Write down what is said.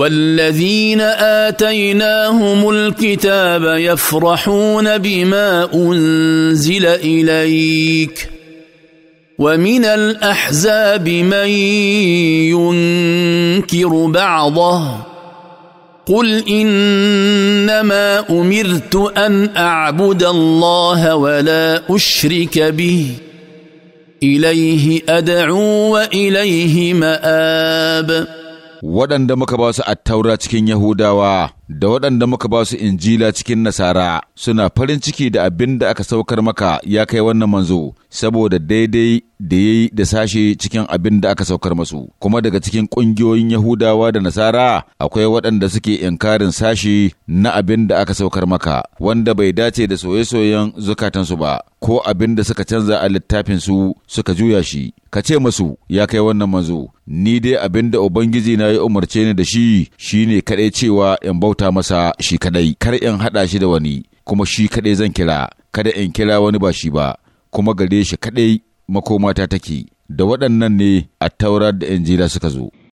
والذين اتيناهم الكتاب يفرحون بما انزل اليك ومن الاحزاب من ينكر بعضه قل انما امرت ان اعبد الله ولا اشرك به اليه ادعو واليه ماب waɗanda muka ba su attaura cikin Yahudawa da waɗanda muka ba su injila cikin nasara suna farin ciki da abin da aka saukar maka ya kai wannan manzo saboda daidai da ya yi da sashe cikin abin da aka saukar masu kuma daga cikin ƙungiyoyin yahudawa da nasara akwai waɗanda suke inkarin sashe na abin da aka saukar maka wanda bai dace da soye-soyen zukatansu ba ko abin da suka canza a littafinsu suka juya shi ka ce masu ya kai wannan manzo ni dai abin da ubangiji na ya umarce ni da shi shine kaɗai cewa in bauta bauta masa shi kadai kar in haɗa shi da wani kuma shi kadai zan kira kada in kira wani ba shi ba kuma gare shi kadai makomata take da waɗannan ne a taurar da injila suka zo